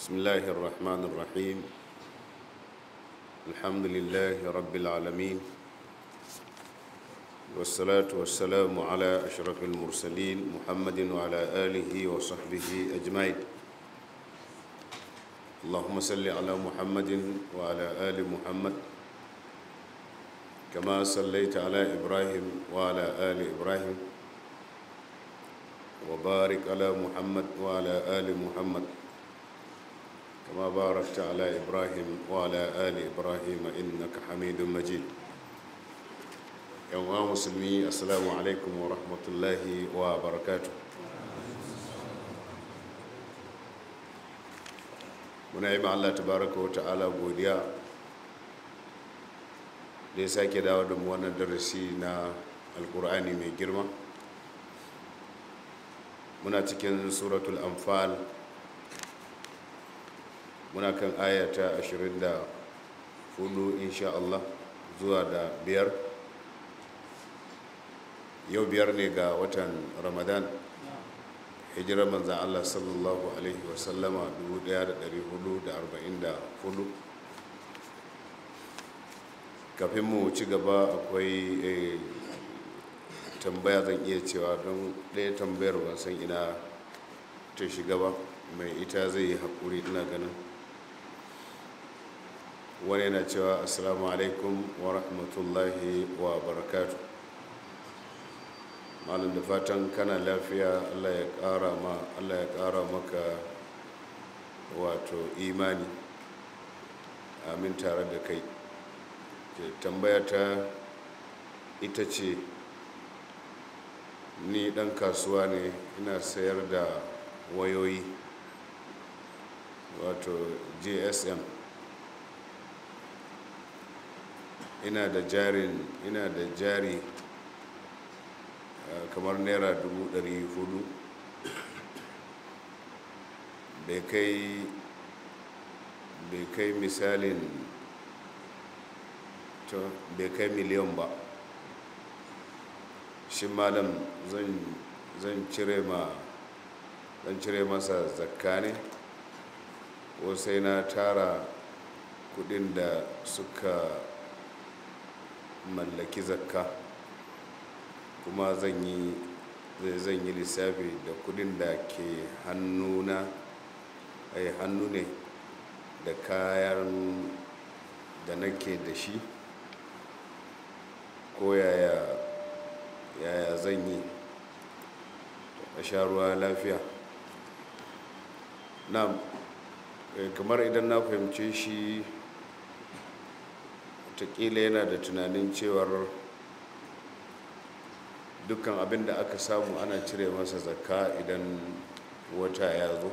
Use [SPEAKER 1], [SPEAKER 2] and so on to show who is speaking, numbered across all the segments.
[SPEAKER 1] بسم الله الرحمن الرحيم الحمد لله رب العالمين والصلاة والسلام على أشرف المرسلين محمد وعلى آله وصحبه أجمعين اللهم صل على محمد وعلى آل محمد كما صليت على إبراهيم وعلى آل إبراهيم وبارك على محمد وعلى آل محمد كما باركت على إبراهيم وعلى آل إبراهيم إنك حميد مجيد يوم مسلمي السلام عليكم ورحمة الله وبركاته muna yi Allah tabaraka wa ta'ala godiya da ya sake dawo da mu wannan darasi na alkur'ani mai girma muna cikin suratul anfal muna kan ayata 24 insha Allah zuwa da biyar yau biyar ne ga watan ramadan hijirar manzan Allah sallallahu alaihi wasallama 1444 kafin mu ci gaba akwai eh, tambaya zan iya cewa don ɗaya tambayar wasan ina ta shiga ba mai ita zai yi haƙuri ina ganin wani yana cewa assalamu alaikum wa rahmatullahi wa barakatu malin da fatan kana lafiya allah ya kara ma allah ya kara maka wato imani amin tare da kai tambaya ta ita ce ni dan kasuwa ne ina sayar da wayoyi wato gsm ina da jarin ina da jari eh, kamar naira dubu dari hudu bai kai misalin bai kai miliyan ba shi malam zan cire ma zan cire masa zakka ne ko sai na tara kudin da suka mallaki zakka kuma zan yi zan yi lissafi da kudin da ke hannuna ai eh, hannu ne da kayan da nake da shi ko yaya yaya zan yi a sha ruwa lafiya na eh, kamar idan na fahimce shi watakila yana da tunanin cewar dukkan abin da aka samu ana cire masa zakka idan wata ya zo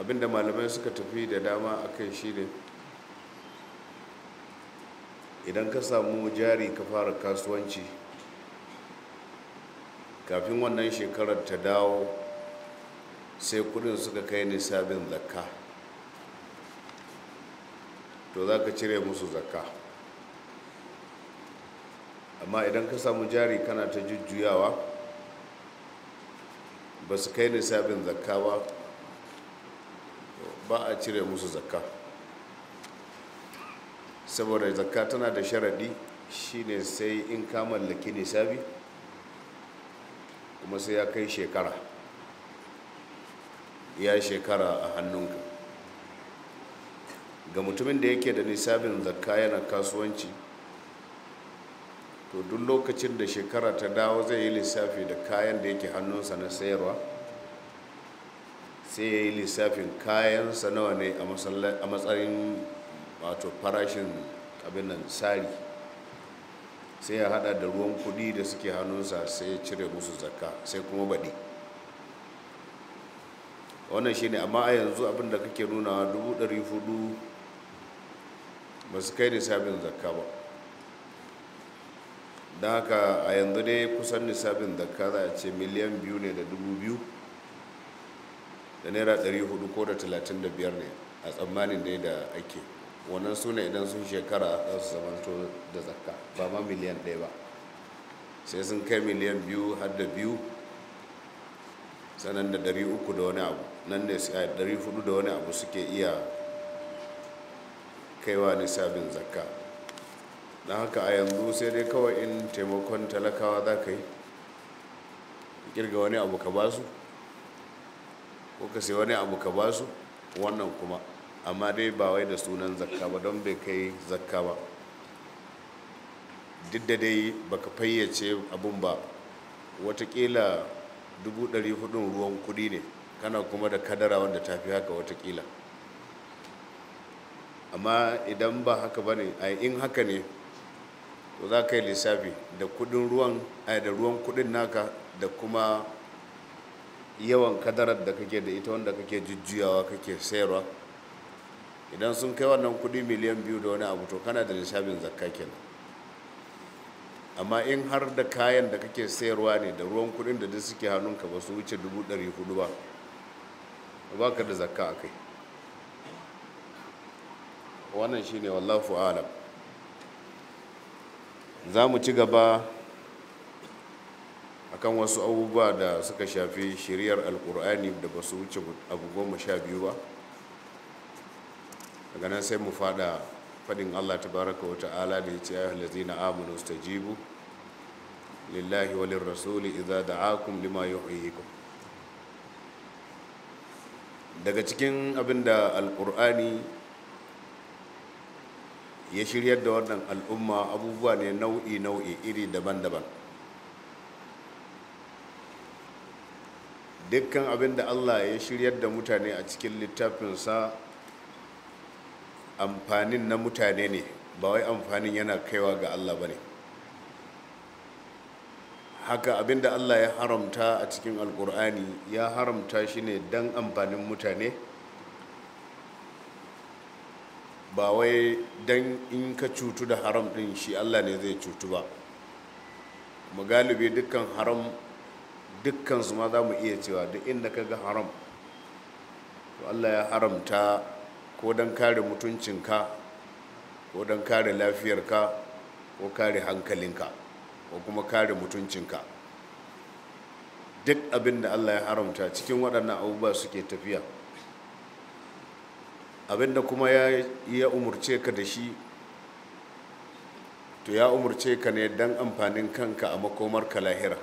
[SPEAKER 1] abin malamai suka tafi da dama a kan shi ne idan ka samu jari ka fara kasuwanci kafin wannan shekarar ta dawo sai kudin suka kai nisabin zakka to za ka cire musu zakka amma idan ka samu jari kana ta jujjuyawa ba su kai nisabin zakka ba ba a cire musu zakka saboda zakka tana da sharaɗi shine sai in ka mallaki nisabi kuma sai ya kai shekara ya shekara a hannunka ga mutumin da yake da nisabin zakka yana kasuwanci to duk lokacin da shekara ta dawo zai yi lissafi da kayan da yake hannunsa na sayarwa sai ya yi lissafin kayansa nawa ne a matsayin wato farashin abin nan tsari sai ya hada da ruwan kudi da suke hannunsa sai ya cire musu zakka sai kuma baɗi wannan shine amma a yanzu abin da kake nunawa hudu ba su kai nisabin zakka ba don haka a yanzu dai kusan nisabin zakka za a ce miliyan biyu ne da dubu biyu da naira ɗari hudu ko da talatin da biyar ne a tsammanin dai da ake wannan suna idan sun shekara za su zama da zakka ba ma miliyan ɗaya ba sai sun kai miliyan biyu har da biyu sanan da ɗari uku da wani abu nan ne ɗari hudu da wani abu suke iya kaiwa nisabin zakka don haka a yanzu sai dai kawai in taimakon talakawa za ka yi kirga wani abu ka basu ko ka sai wani abu ka basu wannan kuma amma dai ba wai da sunan zakka ba don bai kai zakka ba duk da dai baka fayyace abun ba watakila hudun ruwan kudi ne kana kuma da kadara wanda ta fi haka watakila amma idan ba haka ba ne a in haka ne to za ka yi lissafi da kudin ruwan a da ruwan kudin naka da kuma yawan kadarar da kake da ita wanda kake jujjuyawa kake sayarwa idan sun kai wannan kudi miliyan biyu da wani abu to kana da lissafin zakka kenan amma in har da kayan da kake sayarwa ne da ruwan kudin da duk suke hannunka ba su wuce dubu ɗari hudu ba ba ka da zakka a kai wannan shine wallafu alam za mu ci gaba akan wasu abubuwa da suka shafi shiriyar alkur'ani da ba su wuce abu goma sha biyu ba daga nan sai mu fada fadin allah ta baraka wa ta'ala da ya ce ayyuhal amunus amanu stajibu lillahi wa rasuli idza da'akum lima yuhyikum daga cikin abin da alkur'ani ya shiryar da wannan al'umma abubuwa ne nau'i-nau'i iri daban-daban dukkan abin da allah ya shiryar da mutane a cikin littafinsa amfanin na mutane ne ba wai amfanin yana kaiwa ga allah ba ne haka abin da allah ya haramta a cikin alkur'ani ya haramta shi ne don amfanin mutane ba wai dan in ka cutu da haram din shi Allah ne zai cutu ba mu galibi dukkan haram dukkan su ma za mu iya cewa duk inda ka ga haram to Allah ya haramta ko don kare mutuncinka ko don kare lafiyarka ko kare hankalinka ko kuma kare mutuncinka duk abin da Allah ya haramta cikin waɗannan abubuwa suke tafiya abinda kuma ya ya umurce ka da shi to ya umurce ka ne don amfanin kanka a makomar ka lahira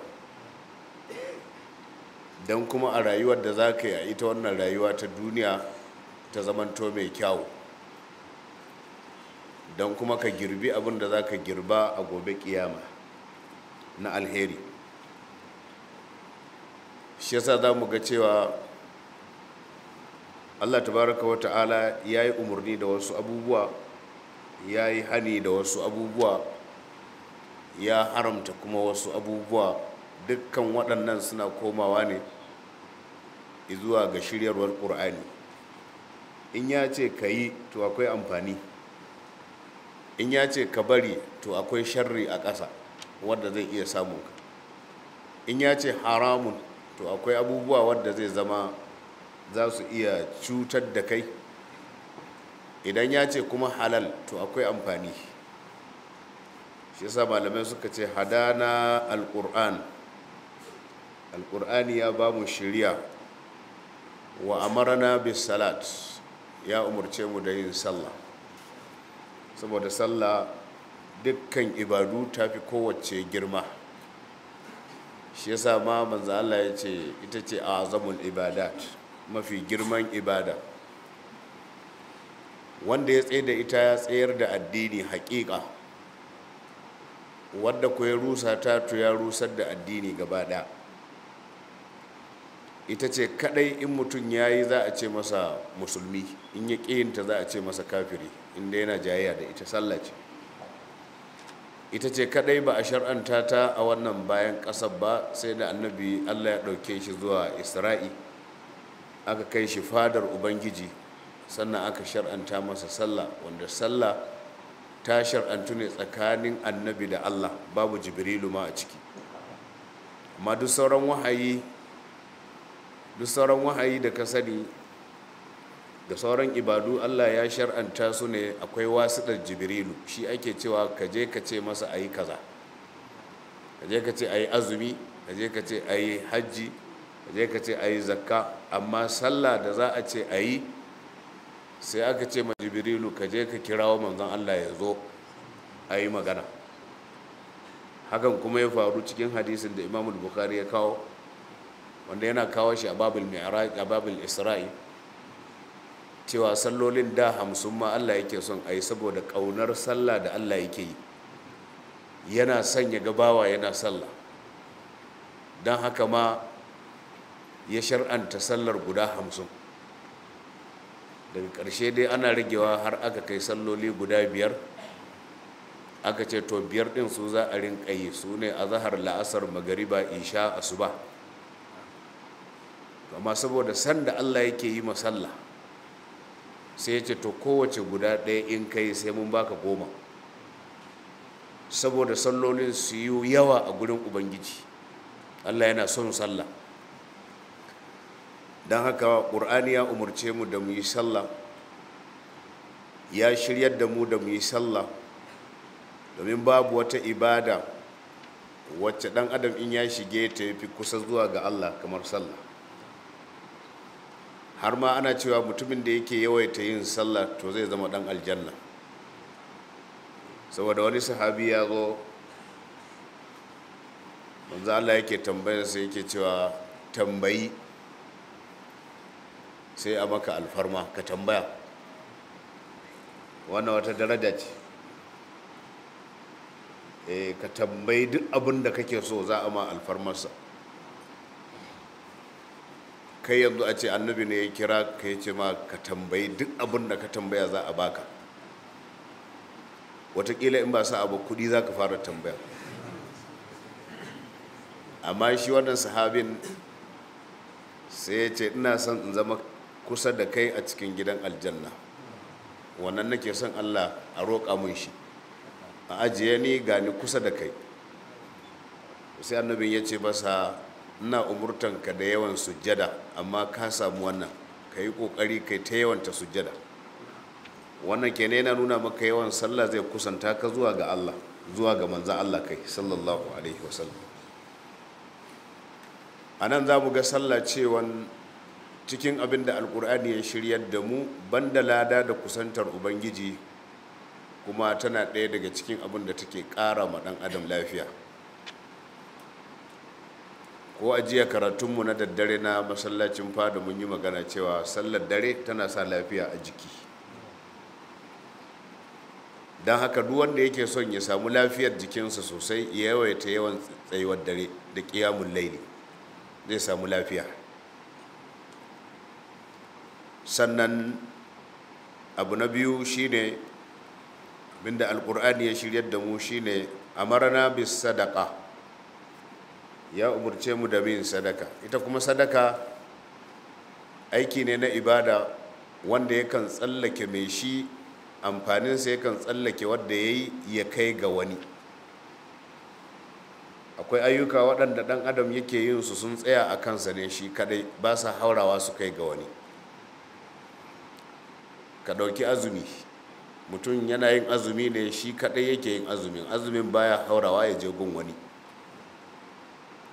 [SPEAKER 1] don kuma a rayuwar da za ka yi a ita wannan rayuwa ta duniya ta zamanto mai kyawu don kuma ka girbi abin da za ka girba a gobe kiyama na alheri shi yasa za mu ga cewa allah tabaraka wa ta'ala ya yi umarni da wasu abubuwa ya yi hani da wasu abubuwa ya haramta kuma wasu abubuwa dukkan waɗannan suna komawa ne zuwa ga shiryarwar ƙur'ani in ya ce ka yi to akwai amfani in ya ce ka bari to akwai sharri a ƙasa wadda zai iya samun ka in ya ce haramun to akwai abubuwa wadda zai zama za su iya cutar da kai idan ya ce kuma halal to akwai amfani shi yasa malamai suka ce hadana alƙur'an alkur'ani ya ba mu shirya wa amarana bis salat ya umarce mu da yin sallah saboda sallah dukkan ibadu ta fi kowace girma shi yasa ma manzo Allah ya ce ita ce azamul ibadat mafi girman ibada wanda ya tsaye da ita ya tsayar da addini haƙiƙa wadda ku ya rusa ta ya rusar da addini gaba ɗaya ita ce kadai in mutum ya yi za a ce masa musulmi in ya ƙiyinta za a ce masa kafiri inda yana jayayya da ita sallaci ita ce kadai ba a shar'anta ta a wannan bayan ƙasar ba sai da annabi allah ya ɗauke shi zuwa isra'i aka kai shi fadar ubangiji sannan aka shar'anta masa sallah wanda sallah ta shar'antu ne tsakanin annabi da allah babu jibrilu ma a ciki amma duk sauran wahayi da ka sani da sauran ibadu allah ya shar'anta su ne akwai da jibrilu shi ake cewa ka je ka ce masa a yi kaza ka je ka ce a yi azumi ka je ka ce a yi hajji je ka ce a yi zakka amma sallah da za a ce a yi sai aka ce ma jibrilu ka je ka kirawo manzon allah ya zo a yi magana hakan kuma ya faru cikin hadisin da imamul bukhari ya kawo wanda yana kawo shi a babul isra'i cewa sallolin da hamsin ma allah yake son a yi saboda ƙaunar sallah da allah yake yi yana son ya gabawa yana sallah don haka ma ya shar'anta sallar guda hamsin daga ƙarshe dai ana ragewa har aka kai salloli guda biyar aka ce to biyar ɗin su za a rinka yi su ne a zahar la'asar magariba isha ba amma saboda sanda allah yake yi masalla sai ya ce to kowace guda ɗaya in kai sai mun baka goma saboda sallolin su yi yawa a gurin ubangiji allah yana son sallah don haka ƙur'ani ya umarce mu da mu yi sallah ya shiryar da mu da mu yi sallah domin babu wata ibada wacce dan adam in ya shige ta fi kusa zuwa ga allah kamar sallah har ma ana cewa mutumin da yake yawaita yin sallah to zai zama dan aljanna saboda wani sahabi ya zo manzo allah yake tambayarsa yake cewa tambayi sai a maka alfarma ka tambaya wannan wata daraja ce e ka tambayi duk abin da kake so za a ma alfarmarsa kai yanzu a ce annabi ne ya kira ka ya ce ma ka tambayi duk abin da ka tambaya za a baka watakila in ba sa abu kudi za ka fara tambaya amma shi wannan sahabin sai ya ce ina son in zama kusa da kai a cikin gidan aljanna wannan nake son allah a roƙa mun shi a ajiye ni gani kusa da kai sai annabin ya ce basa ina umurtanka da yawan sujjada amma ka samu wannan ka yi ƙoƙari kai ta yawanta sujjada wannan kenan yana nuna maka yawan sallah zai kusanta ka zuwa ga allah zuwa ga manzan allah kai sallallahu alaihi wasallam a nan za mu ga sallah cewan cikin abin da alkur'ani ya shiryar da mu banda lada da kusantar ubangiji kuma tana ɗaya daga cikin abin da take ƙara ma ɗan adam lafiya ko a jiya karatunmu na daddare na masallacin fada mun yi magana cewa sallar dare tana sa lafiya a jiki don haka duk wanda yake son ya samu lafiyar jikinsa sosai ya yawaita yawan tsayuwar dare da ƙiyamun laili zai samu lafiya sannan abu na biyu shine binda alkur'ani ya shiryar da mu shine amarna bis sadaka ya umurce mu da min sadaka ita kuma sadaka aiki ne na ibada wanda yakan tsallake mai shi amfaninsa yakan tsallake wadda ya yi ya kai ga wani akwai ayyuka waɗanda ɗan adam yake yin su sun tsaya a kansa ne shi kadai ba sa haurawa su kai ga wani ka ɗauki azumi mutum yana yin azumi ne shi kaɗai yake yin azumin azumin baya haurawa ya je gun wani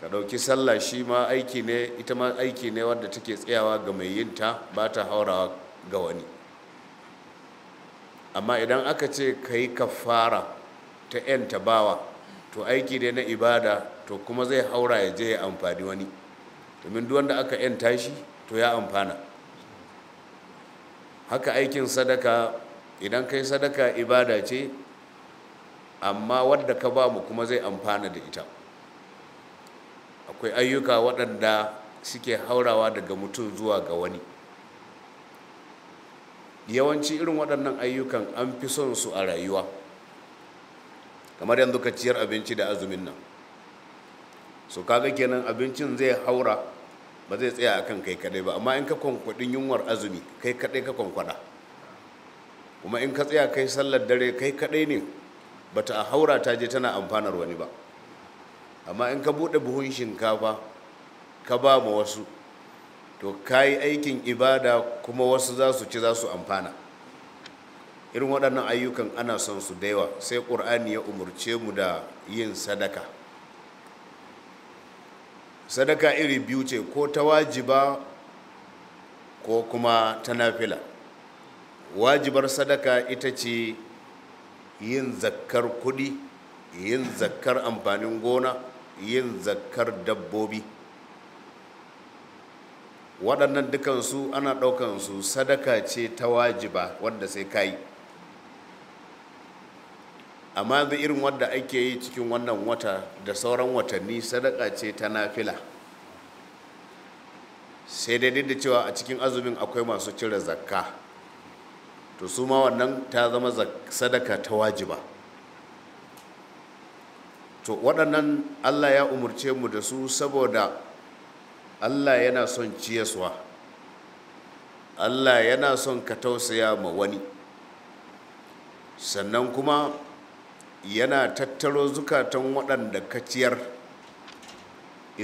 [SPEAKER 1] ka ɗauki sallah shi ma aiki ne ita ma aiki ne wadda take tsayawa ga mai yin ta ba ta haurawa ga wani amma idan aka ce ka yi kafara ta 'yan tabawa to aiki ne na ibada to kuma zai haura ya je ya amfani wani domin duwanda aka 'yan tashi to ya amfana haka aikin sadaka idan kai sadaka ibada ce amma wadda ka ba mu kuma zai amfana da ita akwai ayyuka waɗanda suke haurawa daga mutum zuwa ga wani yawanci irin waɗannan ayyukan an fi son su a rayuwa kamar yanzu ka ciyar abinci da azumin nan su kaga kenan abincin zai haura ba zai tsaya a kan kai kadai ba amma in ka kwankwadin yunwar azumi kai kadai ka kwankwada kuma in ka tsaya kai sallar dare kai kadai ne ba ta haura ta je tana amfanar wani ba amma in ka buɗe buhun shinkafa ka ba ma wasu to ka yi aikin ibada kuma wasu za su ci za su amfana irin waɗannan ayyukan ana son su da yawa sai ƙur'ani ya umarce mu da yin sadaka sadaka iri biyu ce ko ta wajiba ko kuma ta nafila wajibar sadaka ita ce yin zakkar kudi yin zakkar amfanin gona yin zakkar dabbobi waɗannan dukansu ana ɗaukansu sadaka ce ta wajiba wanda sai kayi amma yanzu irin wadda ake yi cikin wannan wata da sauran watanni sadaka ce ta nafila sai daidai da cewa a cikin azumin akwai masu cire zakka to su ma wannan ta zama sadaka ta wajiba to waɗannan allah ya umarce mu da su saboda allah yana son ciyaswa allah yana son ka tausaya ma wani sannan kuma yana tattaro zukatan waɗanda ka ciyar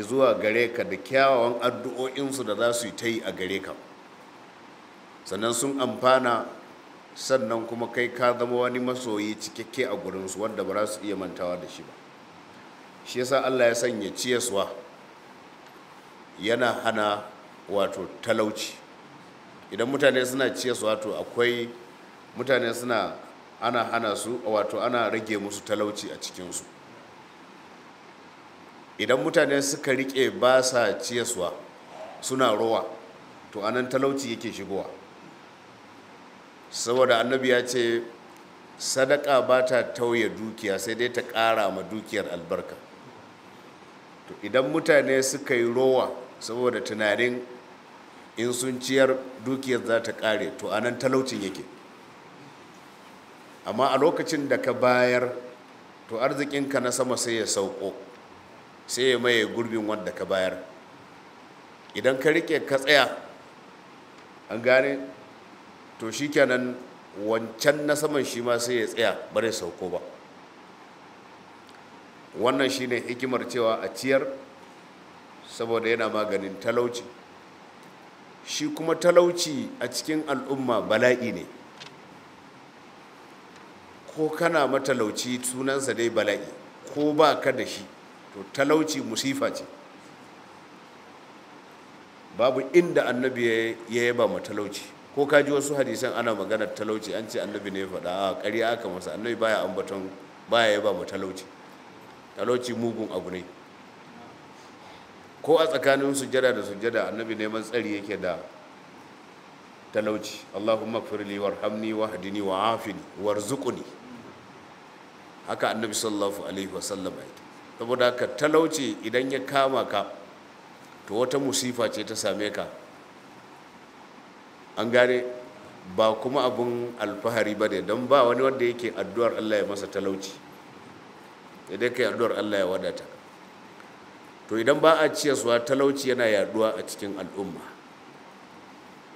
[SPEAKER 1] zuwa gare ka da kyawawan addu'o'insu da za su yi ta yi a gare ka sannan sun amfana sannan kuma kai ka zama wani masoyi cikakke a gurinsu wanda ba za su iya mantawa da shi ba shi yasa allah ya sanya ciyaswa yana hana wato talauci idan mutane suna ciyaswa to akwai mutane suna ana hana su wato ana rage musu talauci a cikinsu idan mutane suka rike ba sa ciyaswa suna rowa to anan talauci yake shigowa saboda annabi ya ce sadaka ba ta tauye dukiya sai dai ta kara ma dukiyar albarka to idan mutane suka yi rowa saboda tunanin in sun ciyar dukiyar za ta kare to anan talaucin yake amma a lokacin da ka bayar to arzikinka na sama sai ya sauko sai ya maye gurbin wanda ka bayar idan ka rike ka tsaya an gane to shi shikenan wancan na saman shi ma sai ya tsaya bare sauko ba wannan shi ne hikimar cewa a ciyar saboda yana maganin talauci shi kuma talauci a cikin al'umma bala'i ne ko kana matalauci sunansa dai bala'i ko ba ka da shi to talauci musifa ce babu inda annabi ya yaba matalauci ko ka ji wasu hadisan ana maganar talauci an ce annabi ne faɗa a ƙarya aka masa annabi baya ambaton baya yaba matalauci talauci mugun abu ne ko a tsakanin sujada da sujada annabi neman tsari yake da talauci allahumma firli warhamni wahdini wa afini haka annabi sallallahu alaihi wasallam ya saboda ka talauci idan ya kama ka to wata musifa ce ta same ka an gane ba kuma abun alfahari ba ne don ba wani wanda yake addu'ar Allah ya masa talauci idan ka addu'ar Allah ya wadata to idan ba a ciyaswa talauci yana yaduwa a cikin al'umma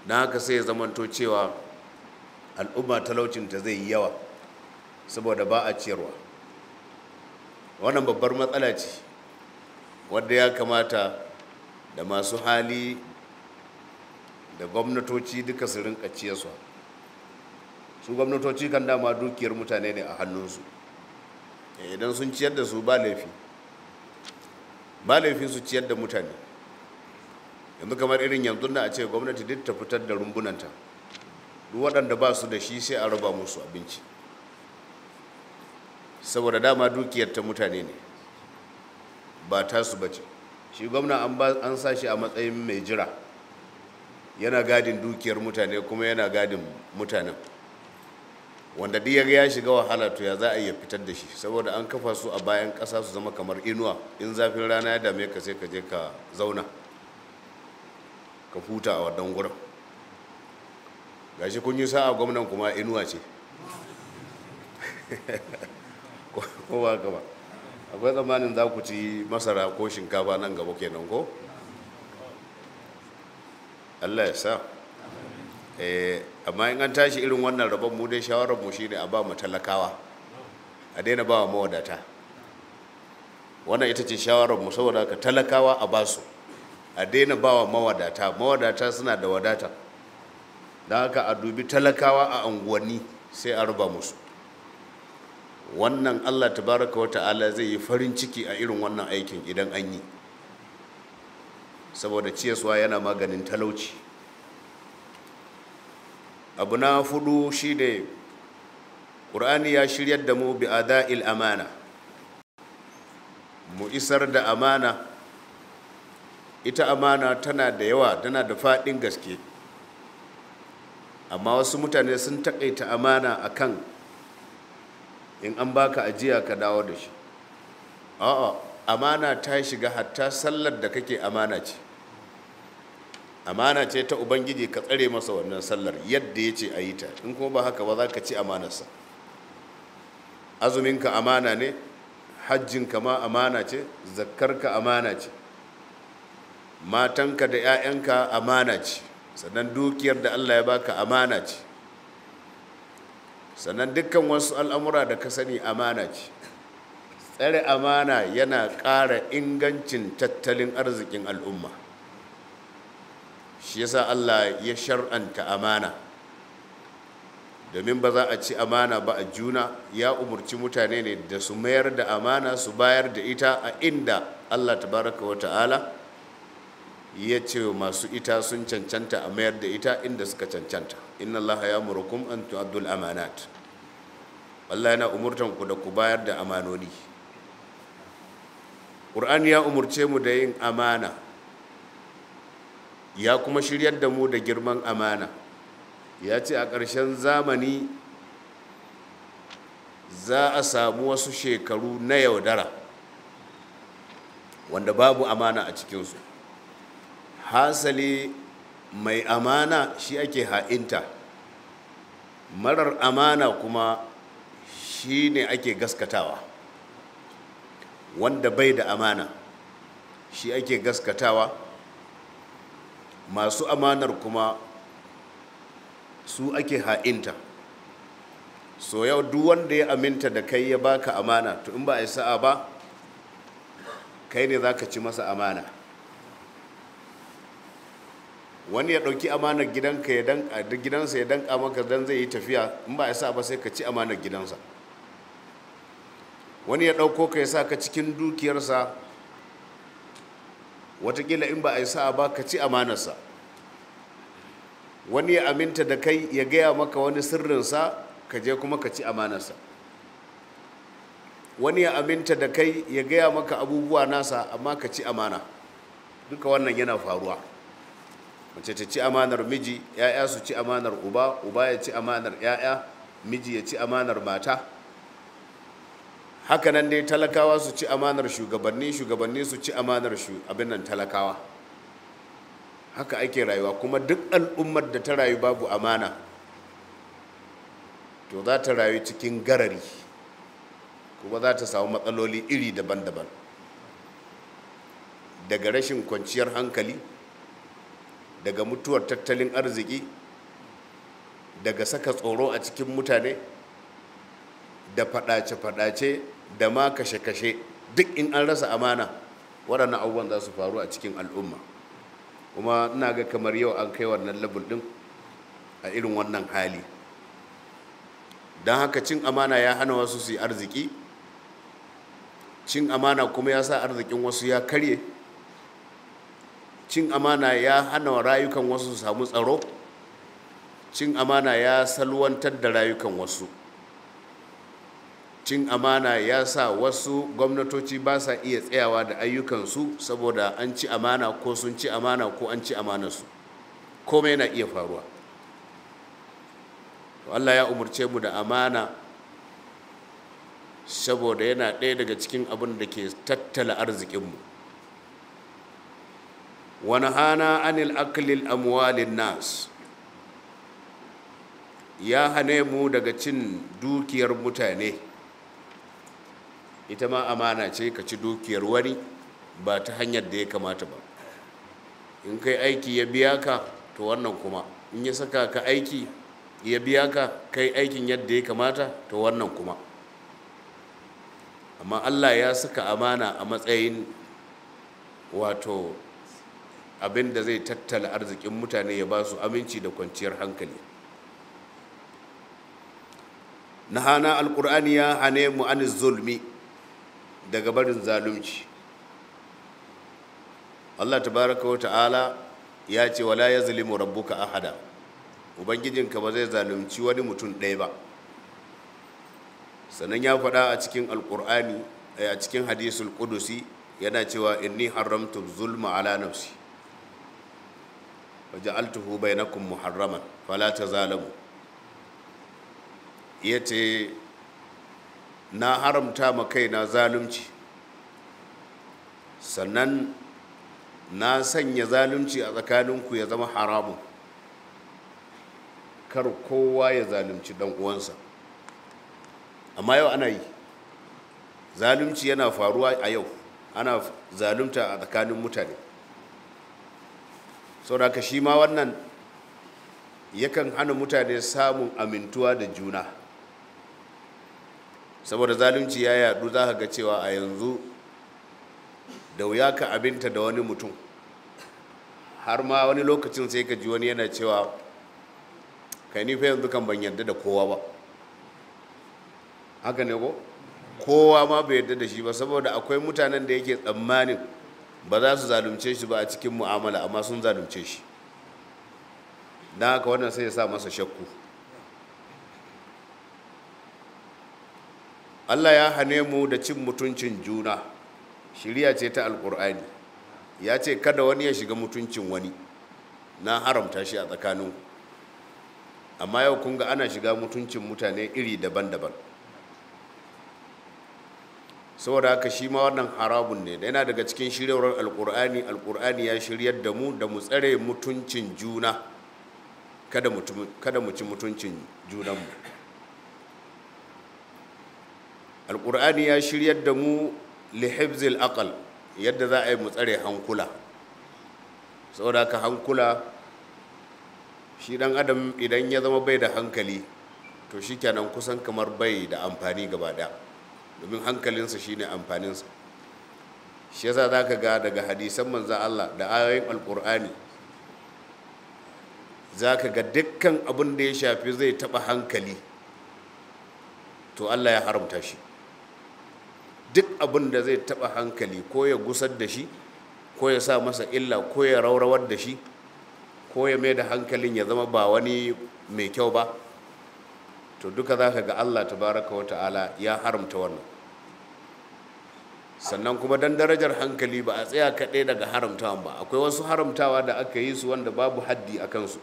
[SPEAKER 1] na haka sai ya zamanto cewa al'umma talaucinta zai yi yawa saboda ba a ciyarwa wannan babbar matsala ce wadda ya kamata da masu hali da gwamnatoci duka su rinka ciyarwa su gwamnatoci kan dama dukiyar mutane ne a hannunsu eh, idan sun ciyar da su ba laifi ba laifi su ciyar da mutane yanzu kamar irin yanzu na a ce gwamnati duk ta fitar da rumbunanta duk waɗanda ba su da shi sai a raba musu abinci saboda dama dukiyar ta mutane ne ba ta ba ce shi gwamna an sa shi a matsayin mai jira yana gadin dukiyar mutane kuma yana gadin mutanen wanda duk ya shiga wahala to ya za a iya fitar da shi saboda an kafa su a bayan ƙasa su zama kamar inuwa in zafin rana ya dame ka sai ka je ka zauna ka huta a wannan gurin gashi kun yi sa'a gwamnan kuma inuwa ce kowa ba gaba akwai tsammanin za ku ci masara ko shinkafa nan gaba kenan ko allah ya sa eh, amma in an tashi irin wannan rabon mu dai shawarar mu shine a ba mu talakawa a daina ba mu mawadata wannan ita ce shawarar mu saboda ka talakawa a basu a daina ba wa mawadata mawadata suna da wadata don haka a dubi talakawa a unguwanni sai a ruba musu wannan allah tabaraka wata'ala zai yi farin ciki a irin wannan aikin idan an yi saboda ciyaswa yana maganin talauci abu na fudu shi ne ƙur'ani ya shiryar da mu bi ada'il amana mu isar da amana ita amana tana da yawa tana da faɗin gaske amma wasu mutane sun taƙaita amana akan in an baka ajiya ka dawo da shi a'a amana ta shiga hatta sallar da kake amana ce amana ce ta ubangiji ka tsare masa wannan sallar yadda ya ce a yi ta in kuma ba haka ba za ka ci amanarsa azuminka amana ne hajjinka ma amana ce zakkarka amana ce matanka da 'ya'yanka amana ce sannan dukiyar da allah ya baka amana ce sannan dukkan wasu al'amura da ka sani amana ce tsare amana yana ƙara ingancin tattalin arzikin al'umma shi yasa allah ya shar'anta amana domin ba za a ci amana ba a juna ya umarci mutane ne da su mayar da amana su bayar da ita a inda allah tabaraka wa ta'ala ya ce masu ita sun cancanta a mayar da ita inda suka cancanta inna allaha ya murukum an tu'addul amanat Allah yana umurtan ku da ku bayar da amanoni qur'an ya umurce mu da yin amana ya kuma shiryar da mu da girman amana ya ce a ƙarshen zamani za a samu wasu shekaru na yaudara wanda babu amana a cikinsu hasali mai amana shi ake ha'inta marar amana kuma shi ne ake gaskatawa wanda bai da amana shi ake gaskatawa masu amanar kuma su ake ha'inta so yau duk wanda ya aminta da kai ya baka amana to in ba a yi sa'a ba kai ne za ci masa amana wani ya ɗauki amanar gidanka ya danka gidansa ya danka maka dan zai yi tafiya in ba ya sa ba sai ka ci amanar gidansa wani ya ɗauko ka ya sa ka cikin dukiyarsa watakila in ba a yi sa ba ka ci amanarsa wani ya aminta da kai ya gaya maka wani sirrinsa ka je kuma ka ci amanarsa wani ya aminta da kai ya gaya maka abubuwa nasa amma ka ci amana duka wannan yana faruwa mace ta ci amanar miji ya'ya su ci amanar uba uba ya ci amanar ya'ya miji ya ci amanar mata hakanan dai talakawa su ci amanar shugabanni shugabanni su ci amanar abin nan talakawa haka ake rayuwa kuma duk al'ummar da ta rayu babu amana to za ta rayu cikin garari kuma za ta samu matsaloli iri daban-daban daga rashin kwanciyar hankali daga mutuwar tattalin arziki daga saka tsoro a cikin mutane da fadace-fadace da ma kashe-kashe duk in an rasa amana waɗannan abubuwan za su faru a cikin al'umma kuma na ga kamar yau an kai wannan labul ɗin a irin wannan hali don haka cin amana ya hana wasu su yi arziki cin amana kuma ya sa arzikin wasu ya karye cin amana ya hana rayukan wasu samu tsaro cin amana ya salwantar da rayukan wasu cin amana ya sa wasu gwamnatoci ba sa iya tsayawa da ayyukansu saboda an ci amana ko sun ci amana ko an ci amanarsu komai na iya faruwa Allah ya umarce mu da amana saboda yana ɗaya daga cikin abin da ke tattala arzikinmu hana anil aklil amwalin nas ya hane mu daga cin dukiyar mutane ita ma amana ce ka ci dukiyar wani ba ta hanyar da ya kamata ba in kai aiki ya biya ka to wannan kuma in ya saka ka aiki ya biya ka kai aikin yadda ya kamata to wannan kuma amma allah ya saka amana a matsayin wato abin da zai tattala arzikin mutane ya ba su aminci da kwanciyar hankali na hana alkur'ani ya hane mu an zulmi daga barin zalunci allah tabaraka wa ta'ala ya ce wala ya zulimu rabbuka ahada ubangijinka ba zai zalunci wani mutum ɗaya ba sannan ya faɗa a cikin alkur'ani eh, a cikin hadisul kudusi yana cewa inni haramtu zulma ala nafsi waja'altuhu bainakum muharraman fala tazalamu yace na haramta ma kaina zalunci sannan na sanya zalunci a tsakaninku ya zama haramu. kar kowa ya zalunci dan uwansa amma yau ana yi zalunci yana faruwa a yau ana zalunta a tsakanin mutane saboda shi ma wannan yakan hana mutane samun amintuwa da juna saboda zalunci ya yadu za ka ga cewa a yanzu da wuya ka abinta da wani mutum har ma wani lokacin sai ka ji wani yana cewa kai ni fa yanzu kan ban yadda da kowa ba haka ne ko kowa ma bai yadda da shi ba saboda akwai mutanen da yake tsammanin ba za su zalunce shi ba a cikin mu'amala amma sun zalunce shi don haka wannan sai ya sa masa shakku Allah ya hane mu da cin mutuncin juna shirya ce ta alkur'ani ya ce kada wani ya shiga mutuncin wani na haramta shi a tsakanin amma yau kun ga ana shiga mutuncin mutane iri daban-daban saboda haka shi ma wannan harabun ne da yana daga cikin shiryarwar alkur'ani alkur'ani ya shiryar da mu da mu tsare mutuncin juna kada mu ci mutuncin mu alkur'ani ya shiryar da mu lihibzil aqal yadda za a yi mu tsare hankula saboda haka hankula shi dan adam idan ya zama bai da hankali to shikenan kusan kamar bai da amfani gaba daya domin hankalinsa shine amfaninsa shi yasa za ka ga daga hadisan manza Allah da ayoyin alkur'ani za ka ga dukkan abin da ya shafi zai taɓa hankali to Allah ya haramta shi duk abin da zai taba hankali ko ya gusar da shi ko ya sa masa illa ko ya raurawar da shi ko ya mai da hankalin ya zama ba wani mai kyau ba to duka za ka ga allah tabaraka wa ta'ala ya haramta wannan sannan kuma don darajar hankali ba a tsaya kaɗai daga haramtawan ba akwai wasu haramtawa da aka yi su wanda babu haddi a kansu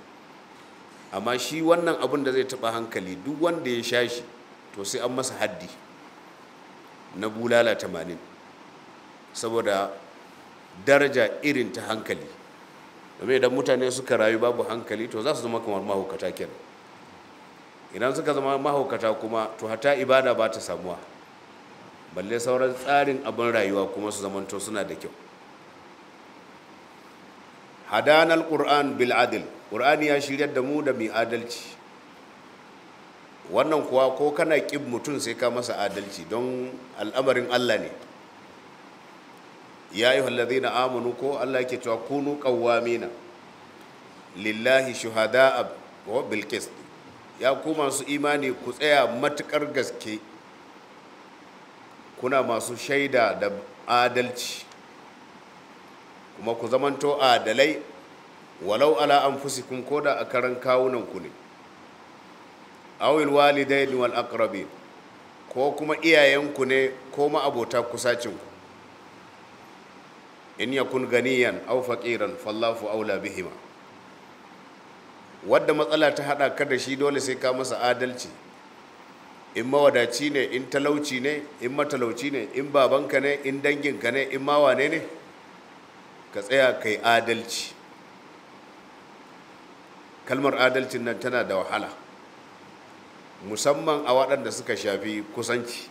[SPEAKER 1] amma shi wannan abin da zai taɓa hankali duk wanda ya sha shi to sai an masa haddi na bulala tamanin saboda daraja irin ta hankali domin idan mutane suka rayu babu hankali to za su zama kamar mahaukata kenan idan suka zama mahaukata kuma to hata ibada ba ta samuwa balle sauran tsarin abin rayuwa kuma su zamanto suna da kyau hadanar ƙur'an bil'adil ƙur'ani ya shiryar da mu da mai adalci wannan kuwa ko kana ƙin mutum sai ka masa adalci don al'amarin allah ne ya yi hallazi na amonu ko allah ke cewa kunu ƙawwamina lillahi shuhada a bilkist ya ku masu imani ku tsaya matukar gaske kuna masu shaida da adalci kuma ku zamanto adalai walau ala fusi ko da a karan kawunanku ne awil walidain wal aqrabin ko kuma iyayenku ne ko ma'abota kusacinku in yakun ganiyan au faƙiran fallafu aula bihima wadda matsala ta haɗa ka da shi dole sai ka masa adalci in mawadaci ne in talauci ne in matalauci ne in babanka ne in danginka ne in mawane ne ka tsaya ka yi adalci kalmar adalcin nan tana da wahala musamman a waɗanda suka shafi kusanci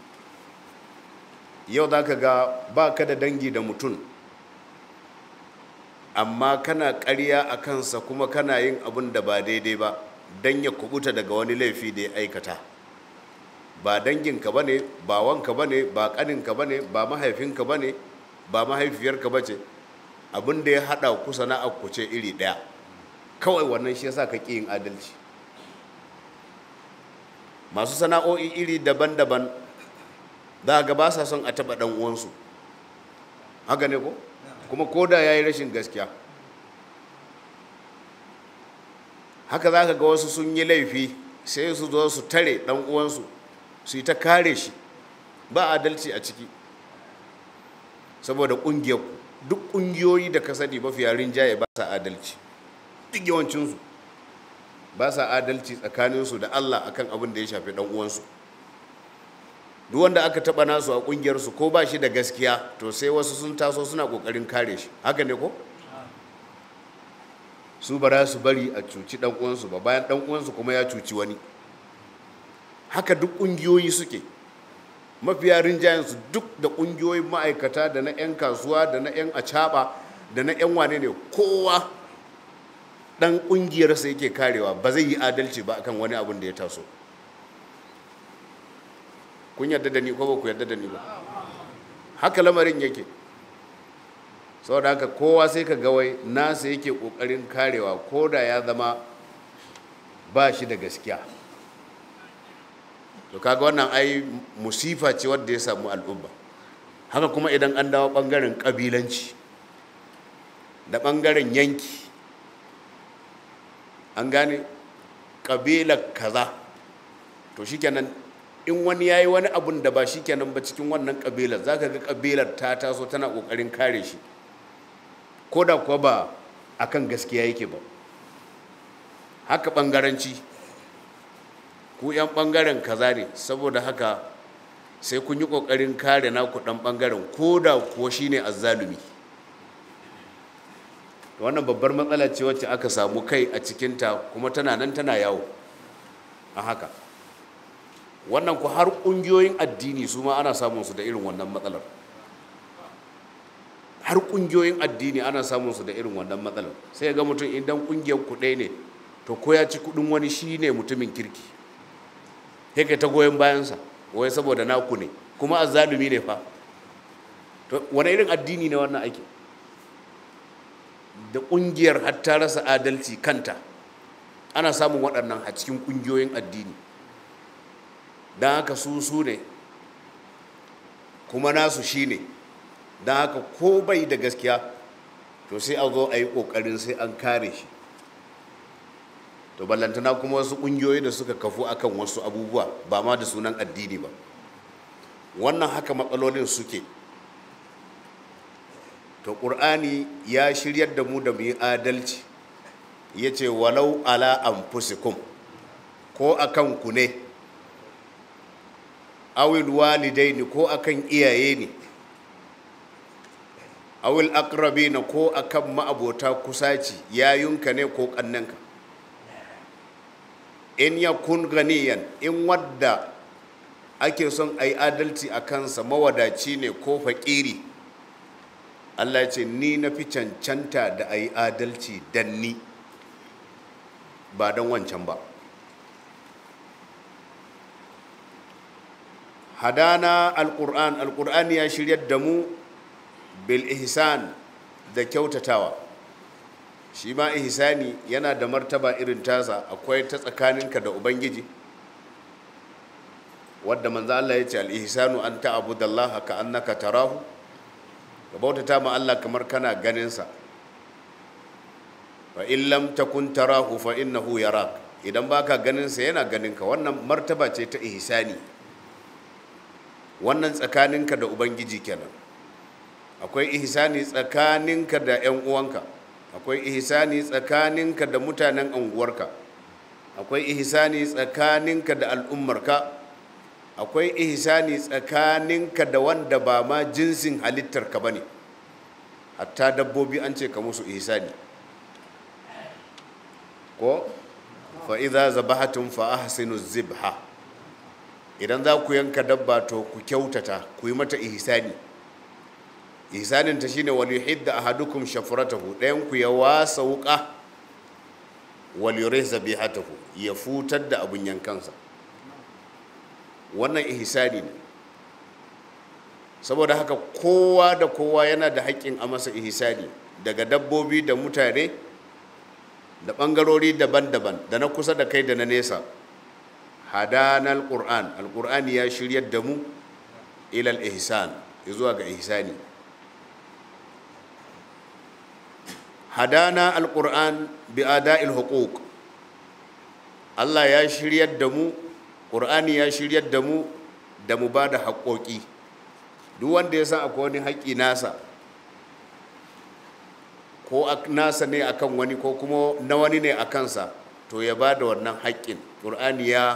[SPEAKER 1] yau za ka ga ba ka da dangi da mutum amma kana ƙarya a kansa kuma kana yin abin da ba daidai ba don ya kubuta daga wani laifi da ya aikata ba danginka ba ne ba wanka ba ne ba ƙaninka ba ne ba mahaifinka ba ne ba mahaifiyarka ba ce abin da ya haɗa kusa na ku iri ɗaya kawai wannan shi yasa ka ƙi yin adalci masu sana'o'i iri daban-daban za ga ba sa son a taɓa ɗan uwansu haka ne ko kuma koda ya yi rashin gaskiya haka za ka ga wasu sun yi laifi sai su zo su tare ɗan uwansu su yi ta kare shi ba adalci a ciki saboda ƙungiyar duk ƙungiyoyi da kasadi ba mafi jaye ba sa adalci duk yawancinsu ba sa adalci tsakaninsu da allah akan abin da ya shafi ɗan uwansu duk wanda aka taba nasu a kungiyar su ko ba shi da gaskiya to sai wasu sun taso suna kokarin kare shi haka ne ko su ba su bari a cuci dan uwansu ba bayan dan uwansu kuma ya cuci wani haka duk kungiyoyi suke mafiya su duk da ƙungiyoyin ma'aikata da na 'yan kasuwa da na 'yan acaba da na 'yan wane ne kowa dan ƙungiyarsa yake karewa ba zai yi adalci ba akan wani abun da ya taso kun yarda da ni ko ba ku yarda da ni ba haka lamarin yake saboda haka kowa sai ka gawai nasa yake kokarin karewa ko da ya zama ba shi da gaskiya to kaga wannan ai musifa ce wadda ya samu al'umma haka kuma idan an dawo bangaren kabilanci da bangaren yanki an gane kabilar kaza to shikenan in wani ya yi wani abun da ba shi kenan ba cikin wannan ƙabilar za ka ga ƙabilar ta taso tana ƙoƙarin kare shi ko da kuwa ba a kan gaskiya yake ba haka ɓangaranci ku 'yan ɓangaren kaza ne saboda haka sai kun yi ƙoƙarin kare naku ɗan ɓangaren ko da kuwa shi ne azzalumi wannan babbar matsala ce wacce aka samu kai a cikinta kuma tana nan tana yawo a haka wannan ku har ƙungiyoyin addini su ma ana samun su da irin wannan matsalar har ƙungiyoyin addini ana samun su da irin wannan matsalar sai ga mutum idan ƙungiyar ku ne to ko ya ci kuɗin wani shi ne mutumin kirki yake ta goyon bayansa wai saboda naku ne kuma azzalumi ne fa to wani irin addini ne wannan ake da ƙungiyar har ta rasa adalci kanta ana samun waɗannan a cikin ƙungiyoyin addini don haka su su ne kuma nasu shi ne don haka ko bai da gaskiya to sai a zo a yi ƙoƙarin sai an kare shi to ballantana kuma wasu ƙungiyoyi da suka kafu akan wasu abubuwa ba ma da sunan addini ba wannan haka matsalolin suke to ƙur'ani ya shiryar da mu da mu yi adalci ya ce walau ala anfusikum ko a kanku ne awil walidaini ko akan iyaye ne awil akrabina ko akan ma'abota kusaci yayunka ne ko kannanka in yakun ganiyan in wadda ake son a yi adalci a kansa mawadaci ne ko faƙiri allah ce ni na fi cancanta da a yi adalci danni ba don wancan ba hadana alƙur'an alƙur'an ya shiryar da mu bil ihsan da kyautatawa shi ma ihsani yana da martaba irin tasa akwai ta tsakanin ka da ubangiji wadda manzo Allah ya ce al ihsanu an ta'budallaha ka annaka tarahu ka bautata ma Allah kamar kana ganin sa fa in lam takun tarahu fa innahu yarak idan baka ganin sa yana ganin ka wannan martaba ce ta ihsani wannan tsakaninka da ubangiji kenan akwai ihsani tsakaninka da 'yan uwanka akwai ihsani tsakaninka da mutanen unguwarka akwai ihsani tsakaninka da al'ummarka akwai ihsani tsakaninka da wanda ba ma jinsin halittarka ba ne hatta dabbobi an ce ka musu ihsani ko fa'iza zabahatun fa'ahsinu zibha idan za ku yanka dabba to ku kyautata ku yi mata ihsani ihsanin ta shine wal yuhidda ahadukum shafratahu dayan ku ya wasa wuka wal yurihza bihatahu ya futar da abun yankansa wannan ihsani ne saboda haka kowa da kowa yana da haƙƙin a masa ihsani daga dabbobi da mutane da ɓangarori daban-daban da na kusa da kai da na nesa hadana alquran alqurani ya shiryar da mu ila alihsan ihsan zuwa ga ihsani hadana alquran bi ada'il huquq Allah ya shiryar da mu qur'ani ya shiryar da mu da mu bada haƙoƙi duk wanda ya san akwai wani haƙƙi nasa ko nasa ne akan wani ko kuma na wani ne a kansa to ya bada wannan haƙƙin qurani ya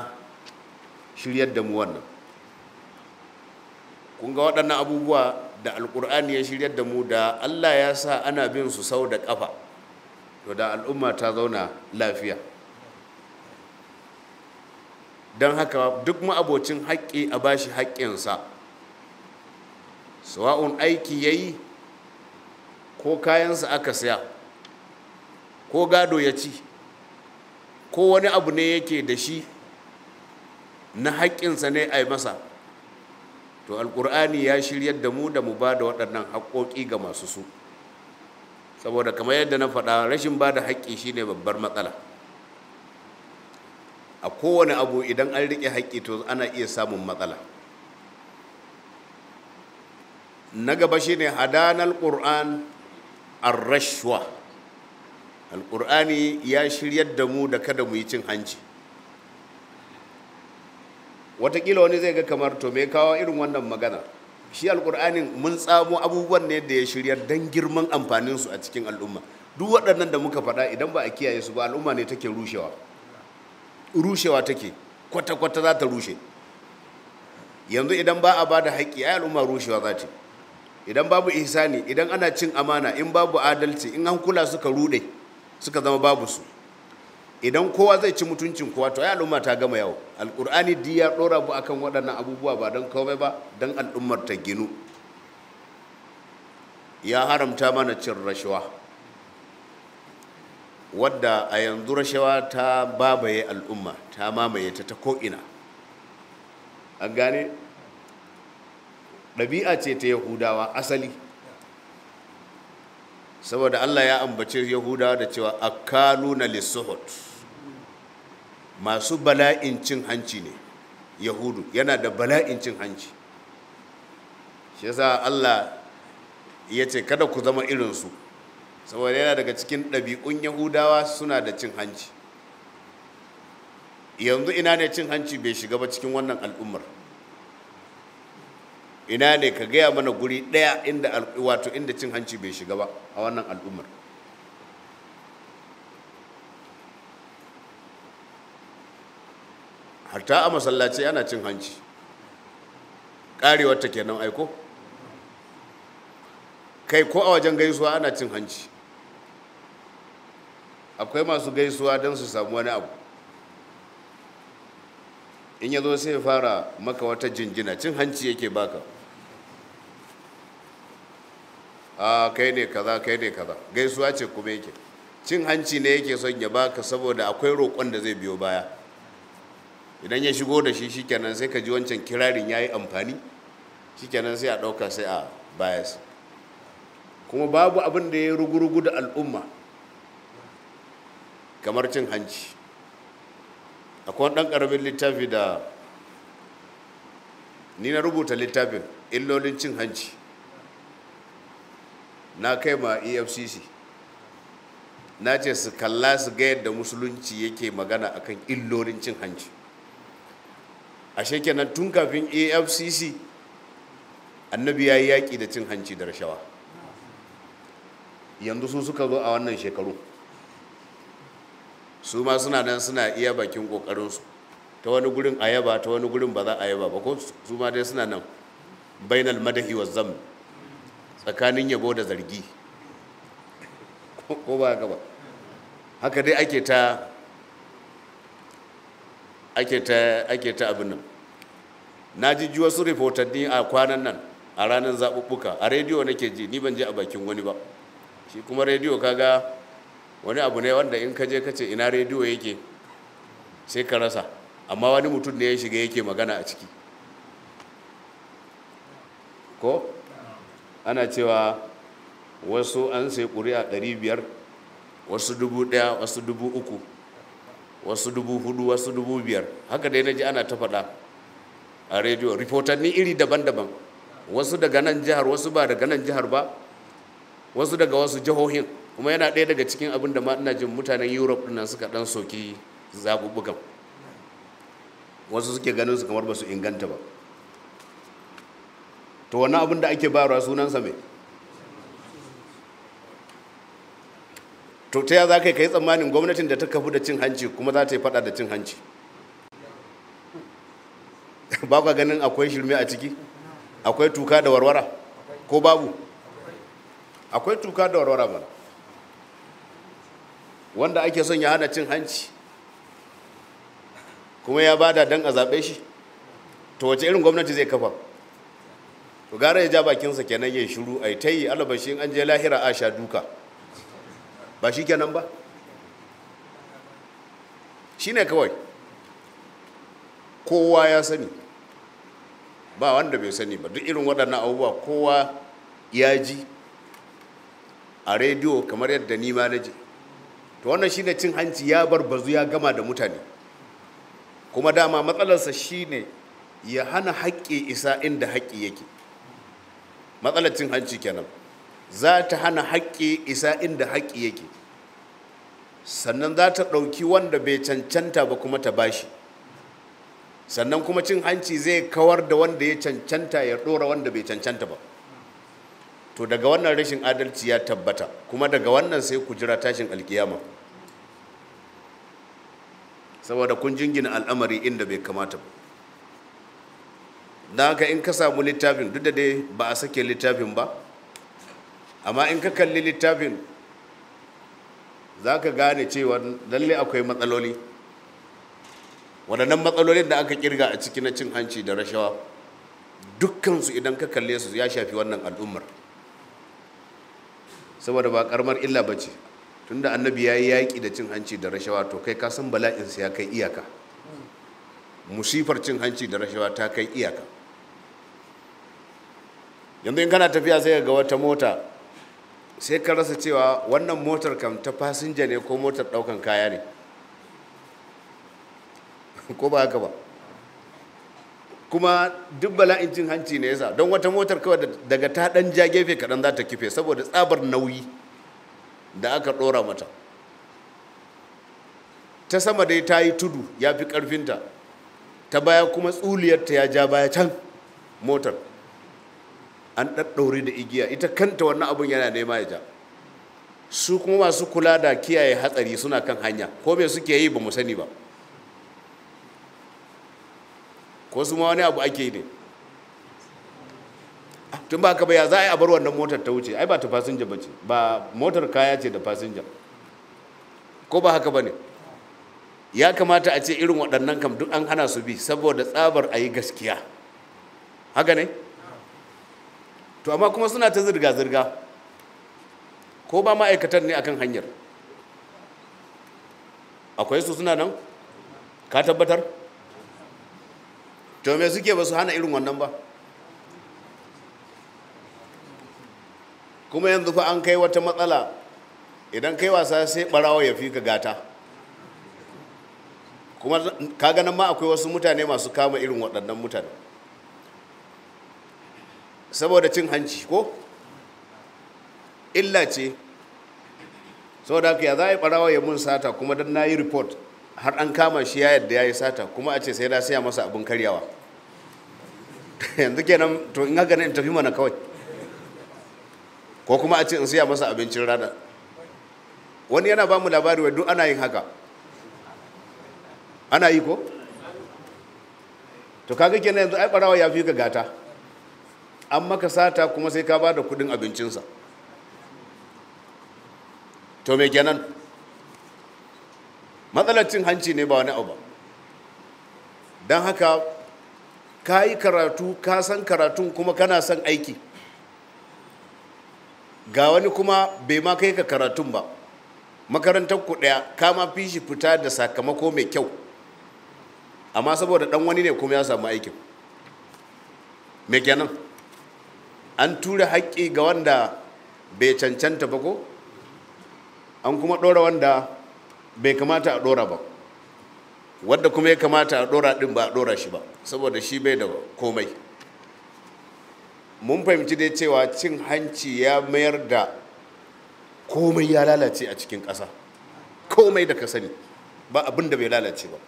[SPEAKER 1] shiryar da mu wannan kun ga waɗannan abubuwa da alƙur'ani ya shiryar da mu da allah ya sa ana bin su sau da ƙafa to da al'umma ta zauna lafiya don haka duk ma'abocin haƙƙi a bashi haƙƙinsa sawa'un aiki ya yi ko kayansa aka siya ko gado ya ci ko wani abu ne yake da shi na haƙƙinsa ne a yi masa to alƙur'ani ya shiryar da mu da mu ba da waɗannan haƙƙoƙi ga masu su saboda kamar yadda na faɗa rashin ba da haƙƙi shine babbar matsala a kowane abu idan an riƙe haƙƙi to ana iya samun matsala na gaba shine hadanar ƙur'an ar alƙur'ani ya shiryar da mu da kada mu yi cin hanci watakila wani zai ga kamar to me kawo irin wannan magana shi alkur'anin mun tsamo abubuwan ne da ya shirya don girman amfanin su a cikin al'umma duk waɗannan da muka faɗa idan ba a kiyaye su ba al'umma ne take rushewa rushewa take kwata-kwata za ta rushe yanzu idan ba a ba da haƙƙi ai al'umma rushewa za ta idan babu ihsani idan ana cin amana in babu adalci in an kula suka rude suka zama babu su idan kowa zai ci mutuncin kowa to ai al'umma ta gama yawo alkur'ani di ya dora bu akan waɗannan abubuwa ba don komai ba don al'ummar ta ginu ya haramta mana cin rashawa wadda a yanzu rashawa ta babaye al'umma ta mamaye ta ta ko'ina an gane ɗabi'a ce ta yahudawa asali saboda allah ya ambace yahudawa da cewa akalu na lissuhot masu bala'in cin hanci ne yahudu yana da bala'in cin hanci shi yasa allah ya ce kada ku zama irinsu saboda yana daga cikin ɗabi'un yahudawa suna da cin hanci yanzu ina ne cin hanci bai shiga ba cikin wannan al'ummar ina ne ka gaya mana guri ɗaya inda wato inda cin hanci bai shiga ba a wannan al'ummar hatta a masallaci ana cin hanci karewar ta kenan aiko kai ko a wajen gaisuwa ana cin hanci akwai masu gaisuwa don su samu wani abu in ya zo sai ya fara maka wata jinjina cin hanci yake baka a kai ne kaza kai ne kaza gaisuwa ce kuma yake cin hanci ne yake son ya baka saboda akwai roƙon da zai biyo baya idan ya shigo da shi shikenan sai ka ji wancan kirarin ya yi amfani shikenan sai a ɗauka sai a bias kuma babu abin da ya rugurugu da al'umma kamar cin hanci akwai ɗan ƙaramin littafi da ni na rubuta littafin illolin cin hanci na kai ma efcc na ce su kalla su ga yadda musulunci yake magana akan illolin cin hanci ashe kenan tun kafin afcc annabi ya yi yaƙi da cin hanci da rashawa yanzu su suka zo a wannan shekaru su ma suna nan suna iya bakin ƙoƙarinsu ta wani gurin ayaba ta wani gurin ba za a yaba ba ko su ma dai suna nan bainal madahi wa zam tsakanin yabo da zargi ko ba haka ba haka dai ake ta ake ta ake ta abin nan na ji wasu rahotanni a kwanan nan a ranar zaɓuɓɓuka a rediyo nake ji ni ban je a bakin wani ba shi kuma rediyo ga wani abu ne wanda in ka je ka ce ina rediyo yake sai ka rasa amma wani mutum ne ya shiga yake magana a ciki ko ana cewa wasu an sai ƙuri'a 500 wasu dubu ɗaya wasu dubu uku wasu dubu hudu wasu dubu biyar haka dai na ji ana ta faɗa a rediyo rifotanni iri daban-daban wasu daga nan jihar wasu ba daga nan jihar ba wasu daga wasu jihohin kuma yana ɗaya daga cikin abin da ma ina jin mutanen europe ɗin suka ɗan soki zaɓuɓɓukan wasu suke ganin su kamar ba su inganta ba to wannan abin da ake bayarwa sunansa mai to ta ya za ka yi tsammanin gwamnatin da ta kafu da cin hanci kuma za ta yi fada da cin hanci ba ka ganin akwai shirme a ciki akwai tuka da warwara ko babu akwai tuka da warwara mana wanda ake son ya hana cin hanci kuma ya bada don a zaɓe shi to wace irin gwamnati zai kafa to gara ya ja bakinsa kenan ya shiru a ta yi alabashin an je lahira a sha duka ba shi kenan ba shi ne kawai kowa ya sani ba wanda bai sani ba duk irin waɗannan abubuwa kowa ya ji a rediyo kamar yadda ni ma na ji to wannan shine cin hanci ya bar bazu ya gama da mutane kuma dama matsalarsa shine ya hana haƙƙi isa inda haƙƙi yake matsalar cin hanci kenan za ta hana haƙƙi isa inda haƙƙi yake sannan za ta ɗauki wanda bai cancanta ba kuma ta bashi sannan kuma cin hanci zai kawar da wanda ya cancanta ya ɗora wanda bai cancanta ba to daga wannan rashin adalci ya tabbata kuma daga wannan sai ku jira tashin alkiyama saboda kun jingina al'amari inda bai kamata ba don in ka samu littafin duk da dai ba a sake littafin ba amma in ka kalli littafin za ka gane cewa lalle akwai matsaloli waɗannan matsalolin da aka kirga a ciki na cin hanci da rashawa dukkansu idan ka kalle su ya shafi wannan al'ummar saboda ba karamar illa ba ce tunda annabi ya yi yaƙi da cin hanci da rashawa to kai ka san bala'insa ya kai iyaka musifar cin hanci da rashawa ta kai iyaka yanzu in kana tafiya sai ga wata mota sai ka rasa cewa wannan motar kam ta fasinja ne ko motar ɗaukan kaya ne ko ba haka ba kuma duk bala'in cin hanci ne yasa don wata motar kawai daga ta dan ja gefe kaɗan za ta kife saboda tsabar nauyi da aka ɗora mata ta sama dai ta yi tudu ya fi ƙarfinta ta baya kuma tsuliyarta ya ja baya can motar an ɗaɗɗaure da igiya ita kanta wannan abin yana nema ya ja su kuma masu kula da kiyaye hatsari suna kan hanya ko me suke yi ba mu sani ba ko su ma wani abu ake ne ah, tun ba ka ba ya za a yi abar wannan motar ta wuce ai ba ta fasinja ba ce ba motar kaya ce da fasinja ko ba haka ba ne ya kamata a ce irin waɗannan kam duk an hana su bi saboda tsabar a yi gaskiya haka ne to amma kuma suna ta zirga-zirga ko ba ma'aikatar ne akan hanyar akwai su suna nan ka tabbatar to me suke ba su hana irin wannan ba kuma yanzu fa an kai wata matsala idan kai wasa sai barawa ya fi ka gata kuma kaga nan ma akwai wasu mutane masu kama irin waɗannan mutane saboda cin hanci ko illa ce saboda haka ya za a yi barawa ya mun sata kuma don na yi report har an kama shi ya yadda ya yi sata kuma a ce sai na siya masa abin karyawa yanzu kenan to in haka ne in tafi mana kawai ko kuma a ce in siya masa abincin rana wani yana ba mu labari wadu ana yin haka ana yi ko to kaga kenan yanzu ai barawa ya fi ka gata an maka sata kuma sai ka ba da kudin abincinsa to me kenan matsalar cin hanci ne ba wani abu ba don haka ka yi karatu ka san karatu kuma kana son aiki ga wani kuma bai ma kai ka karatun ba makarantar ku ɗaya kama fi shi fita da sakamako mai kyau amma saboda ɗan wani ne kuma ya samu aikin me kenan an tura haƙƙi ga wanda bai cancanta ba ko an kuma ɗora wanda bai kamata a ɗora ba wadda kuma ya kamata a dora din ba a ɗora shi ba saboda shi bai da komai mun fahimci dai cewa cin hanci ya mayar da komai ya lalace a cikin ƙasa komai da ka sani ba abin da bai lalace ba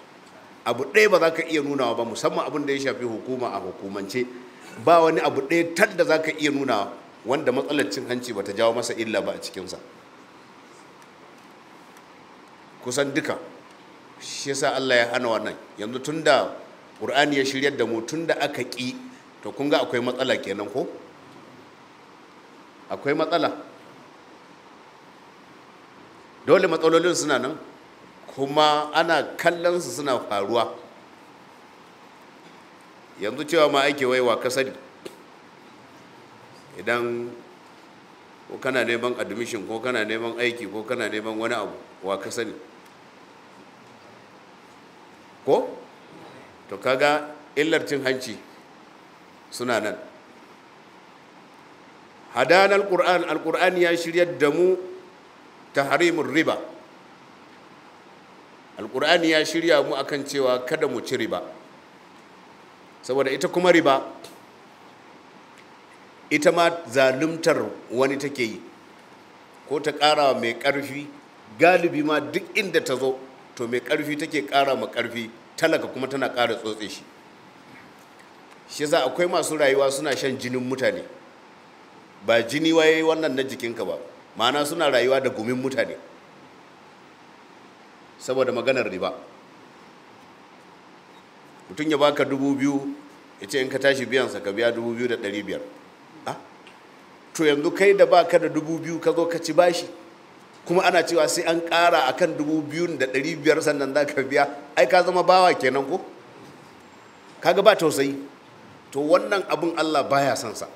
[SPEAKER 1] abu ɗaya ba za ka iya nunawa ba musamman abin da ya shafi hukuma a hukumance ba wani abu ɗaya tal da za ka iya nunawa wanda matsalar cin hanci ba ta jawo masa illa ba a cikinsa kusan duka shi yasa Allah ya hana wannan yanzu tunda Qur'ani ya shiryar da mu tunda aka ki to kun ga akwai matsala kenan ko akwai matsala dole matsalolin suna nan kuma ana kallon su suna faruwa yanzu cewa ma ake waiwa kasari idan ko kana neman admission ko kana neman aiki ko kana neman wani abu wa kasari ko to kaga illar cin hanci suna nan hadan alquran alquran ya shiryar da mu tahrimur riba alquran ya shirya mu akan cewa kada mu ci riba saboda ita kuma riba ita ma zaluntar wani take yi ko ta ƙara mai ƙarfi galibi ma duk inda ta zo to mai ƙarfi take ƙara ma ƙarfi talaka kuma tana ƙara tsotse shi shi za akwai masu rayuwa suna shan jinin mutane ba jini waye wannan na jikinka ba ma'ana suna rayuwa da gumin mutane saboda maganar riba mutum ya baka dubu biyu ya ce in ka tashi biyansa ka biya dubu biyu da ɗari biyar ah? to yanzu kai da baka da dubu biyu ka zo ka ci bashi kuma ana cewa sai an ƙara a kan dubu biyu da ɗari biyar sannan za ka biya ai ka zama bawa kenan ko kaga ba tausayi to wannan abin allah baya son sa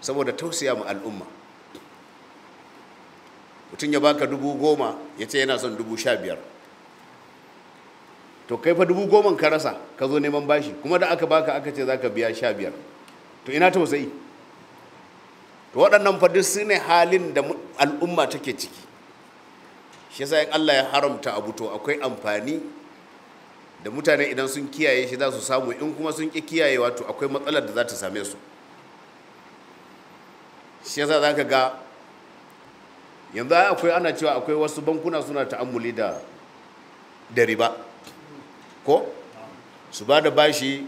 [SPEAKER 1] saboda tausaya mu al'umma mutum ya baka dubu goma ya ce yana son dubu sha to kai fa dubu goman ka rasa ka zo neman bashi kuma da aka baka aka ce za ka biya sha to ina tausayi to waɗannan fa duk su ne halin da al'umma take ciki shi yasa in Allah ya haramta abu to akwai amfani da mutane idan sun kiyaye shi za su samu in kuma sun ƙi kiyayewa to akwai matsalar da za ta same su shi yasa za ka ga yanzu akwai ana cewa akwai wasu bankuna suna ta'ammuli da da riba ko su ba da bashi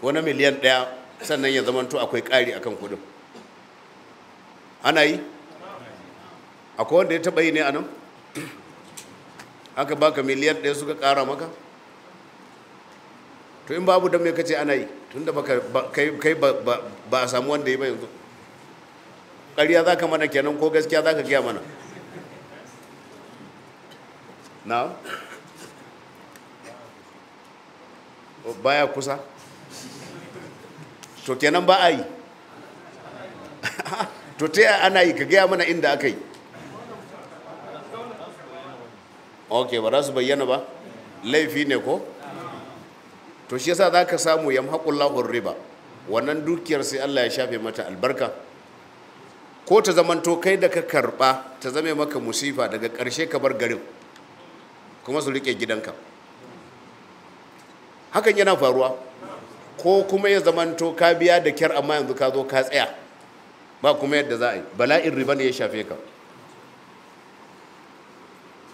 [SPEAKER 1] ko na miliyan ɗaya sannan ya zamanto akwai ƙari akan kuɗin ana yi akwai wanda ya taɓa yi ne a nan aka baka miliyan ɗaya suka ƙara maka to in babu don me kace ana yi tunda kai ba a samu wanda ya ba yanzu ƙarya za ka mana kenan ko gaskiya za ka gaya mana na baya kusa to kenan ba a yi to ta yaya ana yi ka gaya mana inda aka yi ok ba za su bayyana ba laifi ne ko to shi yasa za ka samu yamhaqullahu riba wannan dukiyar sai Allah ya shafe mata albarka ko ta zamanto kai da ka karɓa ta zame maka musifa daga ƙarshe ka bar garin kuma su rike gidanka hakan yana faruwa ko kuma ya zamanto ka biya da kyar amma yanzu ka zo ka tsaya ba kuma yadda za a yi bala'in riba ne ya shafe ka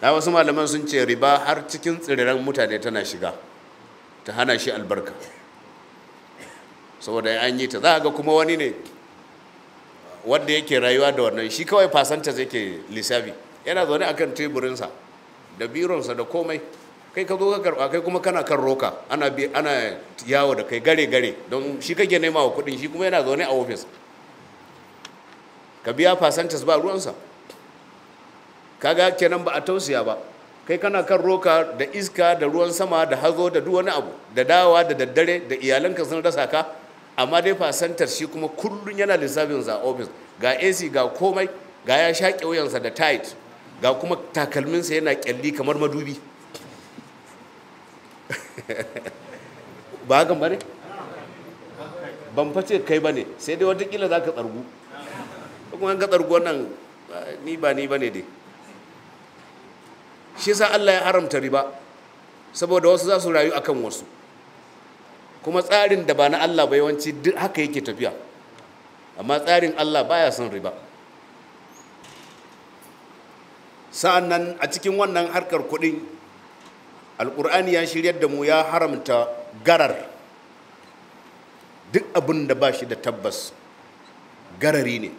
[SPEAKER 1] na wasu malaman sun ce riba har cikin tsiriran mutane tana shiga ta hana shi albarka saboda an yi ta za a ga kuma wani ne wanda yake rayuwa da wannan shi kawai fasanta zai ke lissafi yana zaune akan teburinsa da bironsa da komai kai ka zo ka kai kuma kana kan roka ana yawo da kai gare gare don shi kake nema wa kuɗin shi kuma yana zaune a ofis ka biya fasantas ba ruwansa kaga kenan ba a tausiya ba kai kana kan roka da iska da ruwan sama da hazo da duk wani abu da dawa da daddare da iyalanka sun rasa ka amma dai fasantar shi kuma kullun yana lissafin sa ofis ga AC ga komai ga ya shaƙe wuyansa da tight ga kuma takalminsa yana kyalli kamar madubi ba hakan ba ne ban face kai ba ne sai dai wata za zaka tsargu kuma gatsar gonan ni ba ni bane dai shi sa Allah ya haramta riba saboda wasu za su rayu akan wasu kuma tsarin da ba na Allah ba yawanci duk haka yake tafiya amma tsarin Allah baya son riba sa'an a cikin wannan harkar kuɗin alƙur'ani ya shiryar da mu ya haramta garar duk abin da ba shi da tabbas garari ne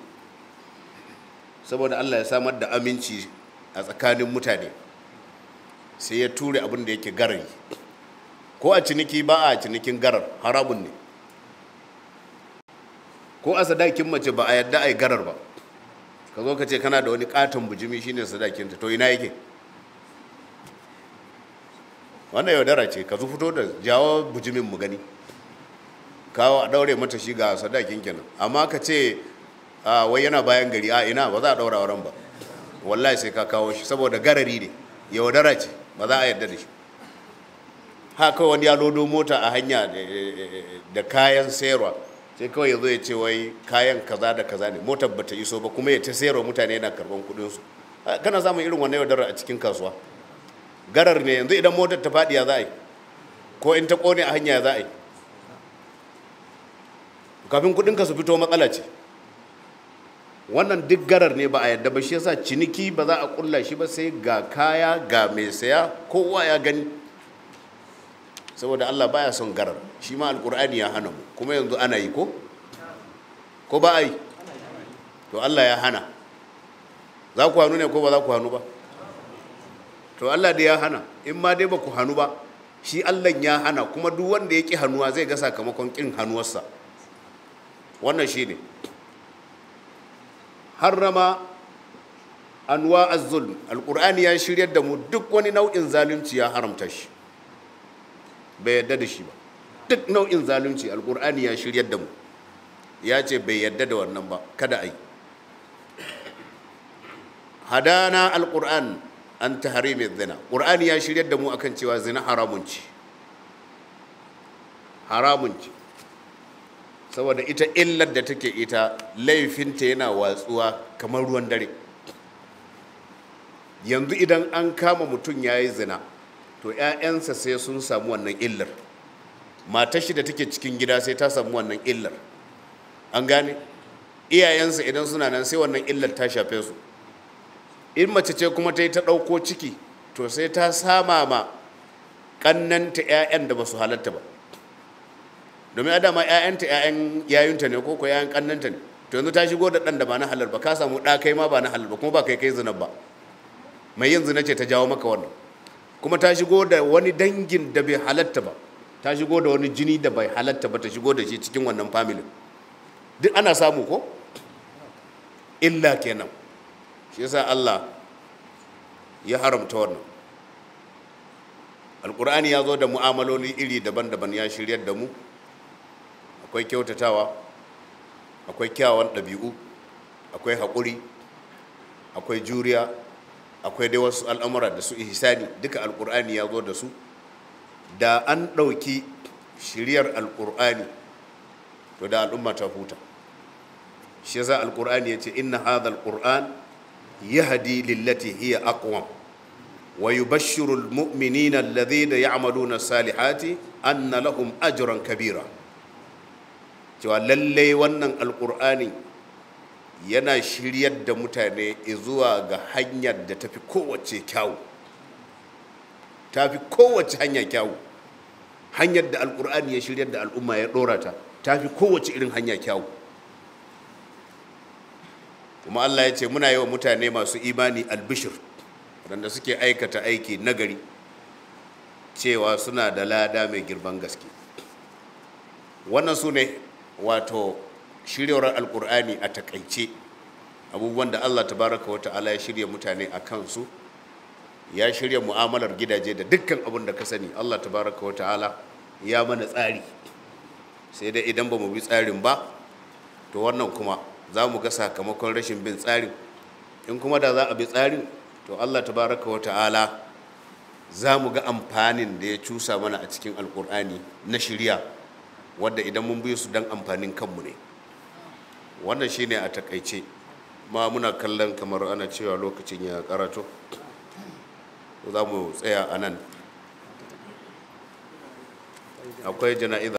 [SPEAKER 1] saboda Allah ya samar da aminci a tsakanin mutane sai ya ture abin da yake garin ko a ciniki ba a cinikin garar haramun ne ko a sadakin mace ba a yadda a yi garar ba ka zo ka ce kana da wani katon bujimi shine sadakinta to ina yake wannan yaudara ce ka zo fito da jawo bujimin mu gani kawo a daure mata shi ga sadakin kenan amma ka ce a wai yana bayan gari a ina ba za a daura auren ba wallahi sai ka kawo shi saboda garari ne yaudara ce ba za a yarda da shi haka wani ya lodo mota a hanya eh, eh, eh, da kayan sayarwa sai kawai ya zo ya ce wai kayan kaza da kaza ne motar ta iso ba kuma ya ta sayarwa mutane yana karban kudin su kana samun irin wannan yaudara a cikin kasuwa garar ne yanzu idan motar ta fadi ya za a yi ko in ta kone a hanya ya za a yi kafin kudin ka su fito matsala ce wannan duk garar ne ba a yadda ba shi yasa ciniki ba za a kulla shi ba sai ga kaya ga mai saya kowa ya gani saboda Allah baya son garar shi ma alkur'ani ya hana mu kuma yanzu ana yi ko ko ba a yi to Allah ya hana za ku hannu ne ko ba za ku hannu ba to Allah da ya hana in ma dai ba ku hannu ba shi Allah ya hana kuma duk wanda ya ki hannuwa zai ga sakamakon kin hannuwarsa wannan shi ne harrama anwa az-zulm alqur'ani ya shiryar da mu duk wani nau'in zalunci ya haramta shi bai yadda da shi ba duk nau'in zalunci alqur'ani ya shiryar da mu ya ce bai yadda da wannan ba kada a yi hadana alƙur'an an ta mai zina ƙur'ani ya shirya da mu akan cewa zina haramun ci haramun ci. saboda ita illar da take ita laifinta yana watsuwa kamar ruwan dare yanzu idan an kama mutum ya yi zina to 'ya'yansa sai sun samu wannan illar matar shi da take cikin gida sai ta samu wannan illar an gane iyayensa idan suna nan sai wannan illar ta shafe su in mace ce kuma ta yi ta ɗauko ciki to sai ta sama ma ƙannanta 'ya'yan da ba su halatta ba domin adama ƴaƴanta ƴaƴan yayunta ne ko ko ƴaƴan kannanta ne to yanzu ta shigo da ɗan da ba na halal ba ka samu ɗa kai ma ba na halal ba kuma ba kai kai zina ba mai yin zina ce ta jawo maka wannan kuma ta shigo da wani dangin da bai halatta ba ta shigo da wani jini da bai halatta ba ta shigo da shi cikin wannan familin duk ana samu ko illa kenan shi yasa Allah ya haramta wannan Alqur'ani ya zo da mu'amaloli iri daban-daban ya shiryar da mu akwai kyautatawa akwai kyawawan ɗabi'u akwai haƙuri akwai juriya akwai dai wasu al'amura da su ihisani duka alƙur'ani ya zo da su da an ɗauki shiryar alƙur'ani to da al'umma ta huta shi za alƙur'ani ya ce inna hadha alƙur'an yahdi lillati hiya aqwam wa yubashshiru almu'minina alladhina ya'maluna salihati anna lahum ajran kabira cewa lallai wannan alƙur'ani yana shiryar da mutane zuwa ga hanyar da tafi kowace kyawu tafi kowace hanya kyawu hanyar da alƙur'ani ya shiryar da al'umma ya ɗora ta tafi kowace irin hanya kyawu kuma allah ya ce muna yi wa mutane masu imani albishir waɗanda suke aikata aiki nagari cewa suna da lada mai girban gaske wannan su ne wato shiryawar alkur'ani a takaice abubuwan da allah tabaraka wa ta'ala ya shirya mutane a kansu ya shirya mu'amalar gidaje da dukkan abin da ka sani allah tabaraka wa ta'ala ya mana tsari sai dai idan ba mu bi tsarin ba to wannan kuma za mu ga sakamakon rashin bin tsarin in kuma da za a bi tsarin to allah tabaraka wa ta'ala za mu ga amfanin da ya cusa mana a cikin alkur'ani na shirya wadda idan mun biyo su don amfanin kanmu ne wannan shi ne a takaice ma muna kallon kamar ana cewa lokacin ya karato za mu tsaya a nan akwai jana'iza